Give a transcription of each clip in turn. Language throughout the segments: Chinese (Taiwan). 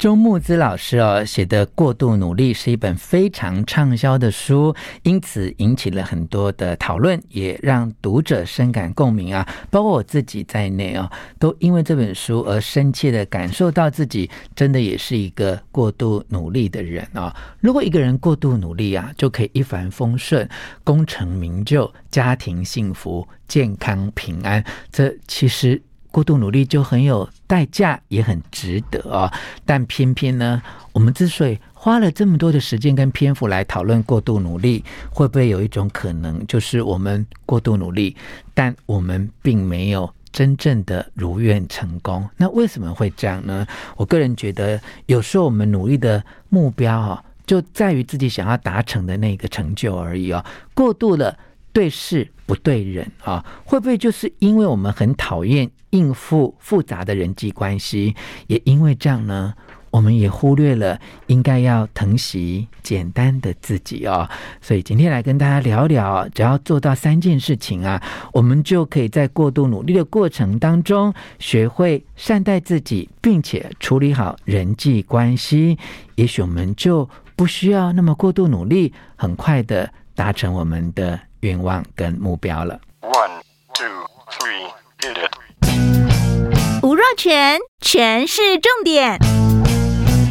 周慕姿老師哦，寫的《過度努力》是一本非常暢銷的書，因此引起了很多的討論，也讓讀者深感共鳴啊！包括我自己在內啊、哦，都因為這本書而深切地感受到自己真的也是一個過度努力的人啊、哦！如果一個人過度努力啊，就可以一帆風順、功成名就、家庭幸福、健康平安，這其實。過度努力就很有代價，也很值得啊、哦！但偏偏呢，我們之所以花了這麼多的時間跟篇幅來討論過度努力，會不會有一種可能，就是我們過度努力，但我們並沒有真正的如願成功？那為什麼會這樣呢？我個人覺得，有時候我們努力的目標啊、哦，就在於自己想要達成的那個成就而已哦，過度的對事。不對人啊，會不會就是因為我們很討厭應付複雜的人際關係，也因為這樣呢，我們也忽略了應該要疼惜簡單的自己哦、啊。所以今天來跟大家聊聊，只要做到三件事情啊，我們就可以在過度努力的過程當中，學會善待自己，並且處理好人際關係。也許我們就不需要那麼過度努力，很快的達成我們的。願望跟目標了。One, two, three, hit it! 吳若權，全是重點。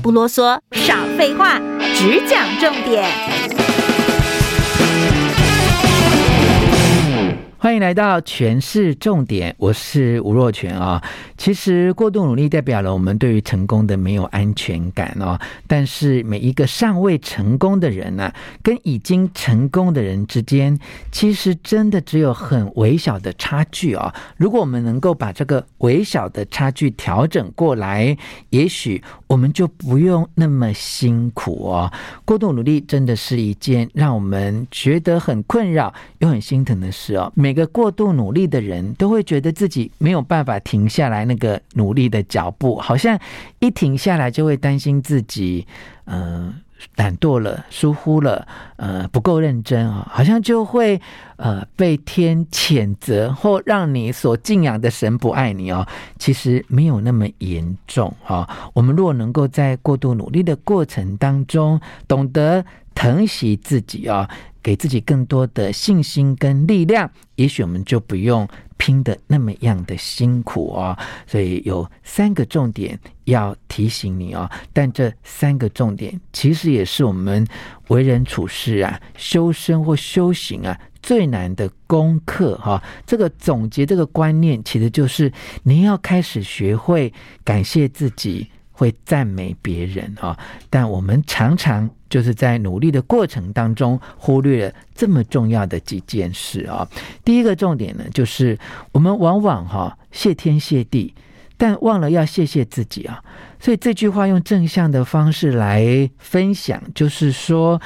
不囉嗦，少廢話，只講重點。歡迎來到《權式重點》，我是吳若權啊、哦。其實過度努力代表了我們對於成功的沒有安全感哦。但是每一個尚未成功的人呢、啊，跟已經成功的人之間，其實真的只有很微小的差距哦。如果我們能夠把這個微小的差距調整過來，也許我們就不用那麼辛苦哦。過度努力真的是一件讓我們覺得很困擾又很心疼的事哦。每個過度努力的人都會覺得自己沒有辦法停下來那個努力的腳步，好像一停下來就會擔心自己，嗯、呃，懶惰了、疏忽了，呃，不夠認真啊、哦，好像就會呃被天譴責或讓你所敬仰的神不愛你啊、哦。其實沒有那麼嚴重啊、哦。我們若能夠在過度努力的過程當中懂得疼惜自己啊、哦。給自己更多的信心跟力量，也許我們就不用拼得那麼樣的辛苦哦。所以有三個重點要提醒你哦，但這三個重點其實也是我們為人處事啊、修身或修行啊最難的功課哈、哦。這個總結這個觀念，其實就是你要開始學會感謝自己。會讚美別人啊、哦，但我們常常就是在努力的過程當中，忽略了這麼重要的幾件事啊、哦。第一個重點呢，就是我們往往哈、哦，謝天謝地，但忘了要謝謝自己啊、哦。所以這句話用正向的方式來分享，就是說。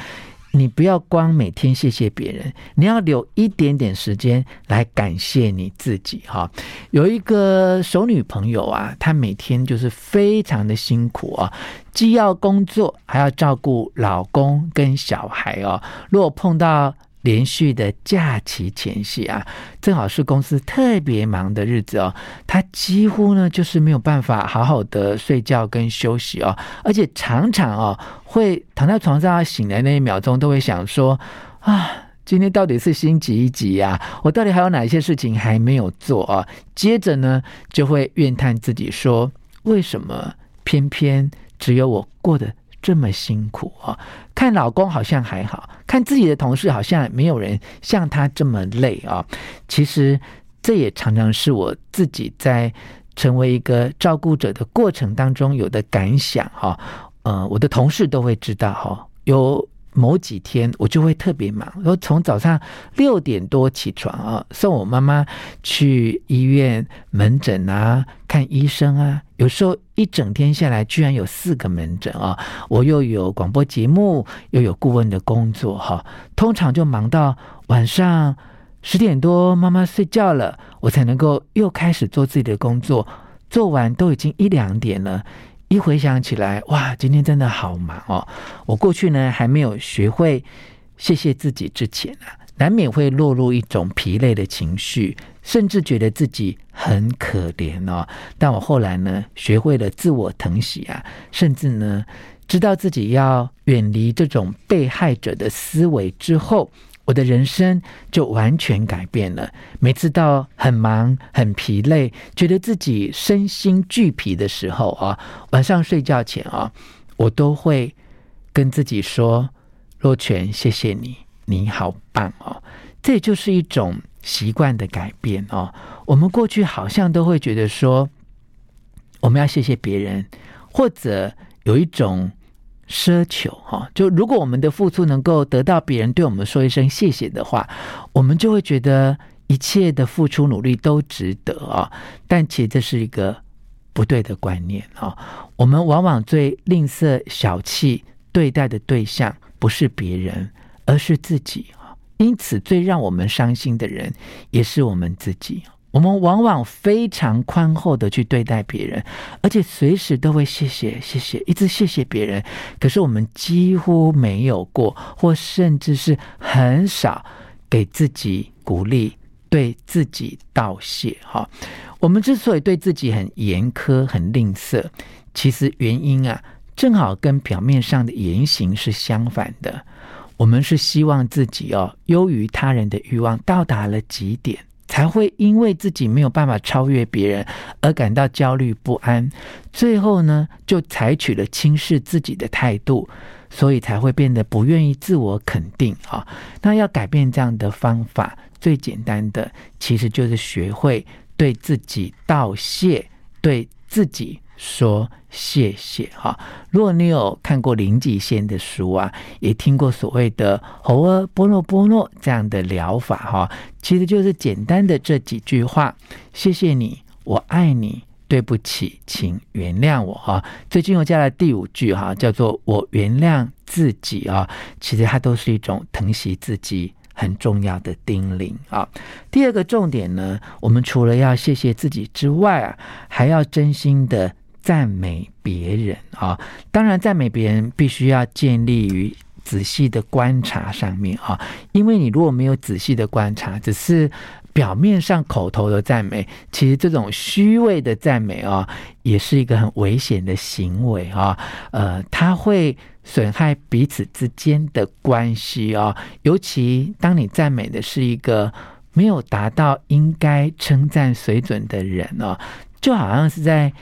你不要光每天謝謝別人，你要留一點點時間來感謝你自己哈。有一個熟女朋友啊，她每天就是非常的辛苦啊，既要工作，還要照顧老公跟小孩哦。如果碰到，連續的假期前夕啊，正好是公司特別忙的日子哦。他幾乎呢，就是沒有辦法好好的睡覺跟休息哦，而且常常哦，會躺在床上醒來那一秒鐘，都會想說：啊，今天到底是星期幾呀、啊？我到底還有哪些事情還沒有做啊？接着呢，就會怨嘆自己說：為什麼偏偏只有我過得這麼辛苦啊！看老公好像還好，看自己的同事好像沒有人像他這麼累啊。其實這也常常是我自己在成為一個照顧者的過程當中有的感想哈。呃，我的同事都會知道哈。有。某幾天我就會特別忙，然後從早上六點多起床啊，送我媽媽去醫院門診啊，看醫生啊，有時候一整天下來居然有四個門診啊，我又有廣播節目，又有顧問的工作哈啊，通常就忙到晚上十點多，媽媽睡覺了，我才能夠又開始做自己的工作，做完都已經一兩點了。一回想起來，哇，今天真的好忙哦！我過去呢還沒有學會謝謝自己之前啊，難免會落入一種疲累的情緒，甚至覺得自己很可憐哦。但我後來呢，學會了自我疼惜啊，甚至呢，知道自己要遠離這種被害者的思維之後。我的人生就完全改變了。每次到很忙、很疲累，覺得自己身心俱疲的時候啊、哦，晚上睡覺前啊、哦，我都會跟自己說：“若權，謝謝你，你好棒哦。”這就是一種習慣的改變哦。我們過去好像都會覺得說，我們要謝謝別人，或者有一種。奢求哈，就如果我們的付出能夠得到別人對我們說一聲謝謝的話，我們就會覺得一切的付出努力都值得啊。但其實這是一個不對的觀念啊。我們往往最吝嗇、小氣對待的對象不是別人，而是自己，因此最讓我們傷心的人也是我們自己。我們往往非常寬厚地去對待別人，而且隨時都會謝謝謝謝，一直謝謝別人。可是我們幾乎沒有過，或甚至是很少給自己鼓勵，對自己道謝。哈、哦，我們之所以對自己很嚴苛、很吝嗇，其實原因啊，正好跟表面上的言行是相反的。我們是希望自己哦優於他人的欲望到達了極點。才會因為自己沒有辦法超越別人而感到焦慮不安，最後呢，就採取了輕視自己的態度，所以才會變得不願意自我肯定啊。那要改變這樣的方法，最簡單的其實就是學會對自己道謝，對自己。說謝謝哈！如、哦、果你有看過《零極限》的書啊，也聽過所謂的“荷歐波諾波諾”這樣的療法哈、哦，其實就是簡單的這幾句話：謝謝你，我愛你，對不起，請原諒我哈、哦。最近我加了第五句哈、哦，叫做“我原諒自己”啊、哦。其實它都是一種疼惜自己很重要的叮嚀啊、哦。第二個重點呢，我們除了要謝謝自己之外啊，還要真心的。讚美別人啊、哦，當然讚美別人必須要建立於仔細的觀察上面啊、哦，因為你如果沒有仔細的觀察，只是表面上口頭的讚美，其實這種虛偽的讚美啊、哦，也是一個很危險的行為啊、哦。呃，它會損害彼此之間的關係啊、哦，尤其當你讚美的是一個沒有達到應該稱讚水準的人呢、哦，就好像是在。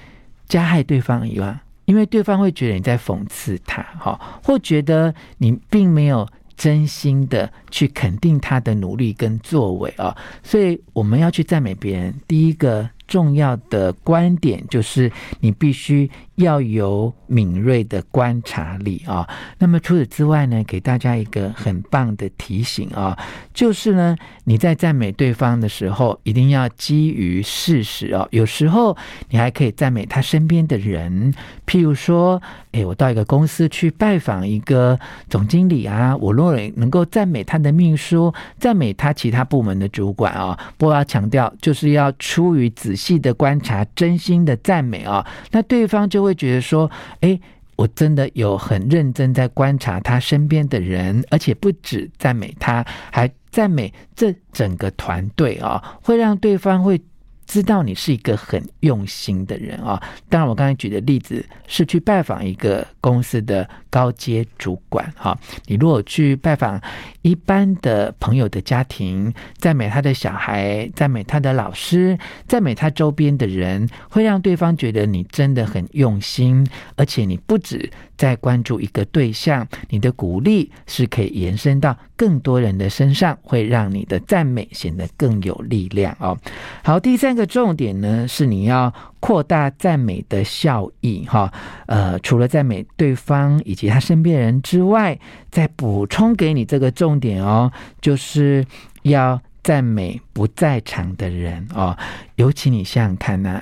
加害對方以外，因為對方會覺得你在諷刺他，哈，或覺得你並沒有真心的去肯定他的努力跟作為啊，所以我們要去讚美別人，第一個重要的觀點就是你必須。要有敏銳的觀察力啊、哦。那麼除此之外呢，給大家一個很棒的提醒啊、哦，就是呢，你在讚美對方的時候，一定要基於事實哦。有時候你還可以讚美他身邊的人，譬如說，哎，我到一個公司去拜訪一個總經理啊，我若能夠讚美他的秘書，讚美他其他部門的主管啊、哦，不過要強調，就是要出於仔細的觀察，真心的讚美啊、哦，那對方就會。會覺得說，誒，我真的有很認真在觀察他身邊的人，而且不止讚美他，還讚美這整個團隊啊、哦，會讓對方會知道你是一個很用心的人啊、哦。當然，我剛才舉的例子是去拜訪一個公司的。高階主管，哈，你如果去拜訪一般的朋友的家庭，讚美他的小孩，讚美他的老師，讚美他周邊的人，會讓對方覺得你真的很用心，而且你不止在關注一個對象，你的鼓勵是可以延伸到更多人的身上，會讓你的讚美顯得更有力量哦。好，第三個重點呢，是你要。擴大讚美的效益，哈，呃，除了讚美對方以及他身邊人之外，再補充給你這個重點哦，就是要讚美不在場的人哦，尤其你想想看呢。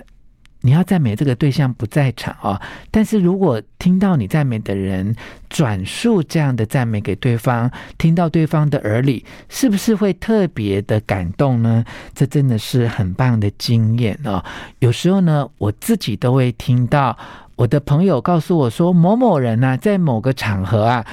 你要讚美這個對象不在場哦。但是如果聽到你讚美的人轉述這樣的讚美給對方，聽到對方的耳裡，是不是會特別的感動呢？這真的是很棒的經驗哦。有時候呢，我自己都會聽到我的朋友告訴我說，某某人呢、啊，在某個場合啊，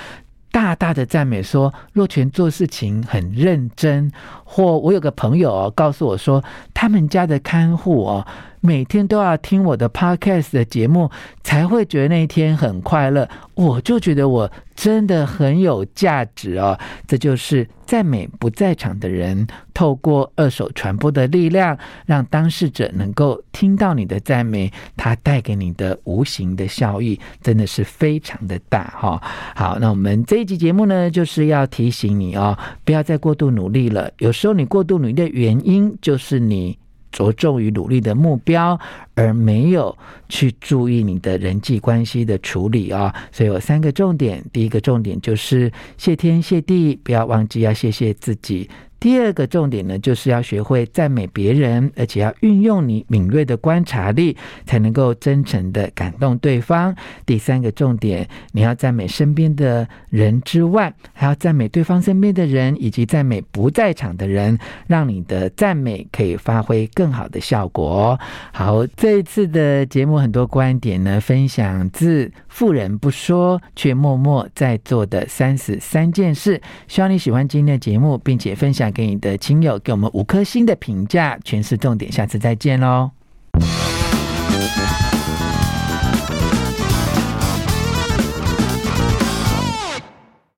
大大的讚美說若權做事情很認真，或我有個朋友、哦、告訴我說，他們家的看護哦。每天都要聽我的 Podcast 的節目，才會覺得那一天很快樂。我就覺得我真的很有價值哦。這就是讚美不在場的人，透過二手傳播的力量，讓當事者能夠聽到你的讚美，它帶給你的無形的效益，真的是非常的大哈，哦。好，那我們這一集節目呢，就是要提醒你哦，不要再過度努力了。有時候你過度努力的原因，就是你。着重於努力的目標，而沒有去注意你的人際關係的處理啊！所以有三個重點，第一個重點就是謝天謝地，不要忘記要謝謝自己。第二個重點呢，就是要學會讚美別人，而且要運用你敏銳的觀察力，才能夠真誠的感動對方。第三個重點，你要讚美身邊的人之外，還要讚美對方身邊的人，以及讚美不在場的人，讓你的讚美可以發揮更好的效果哦。好，這一次的節目很多觀點呢，分享自富人不說卻默默在做的三十三件事。希望你喜歡今天的節目，並且分享，給你的親友，給我們五顆星的評價，權式重點。下次再見嘍。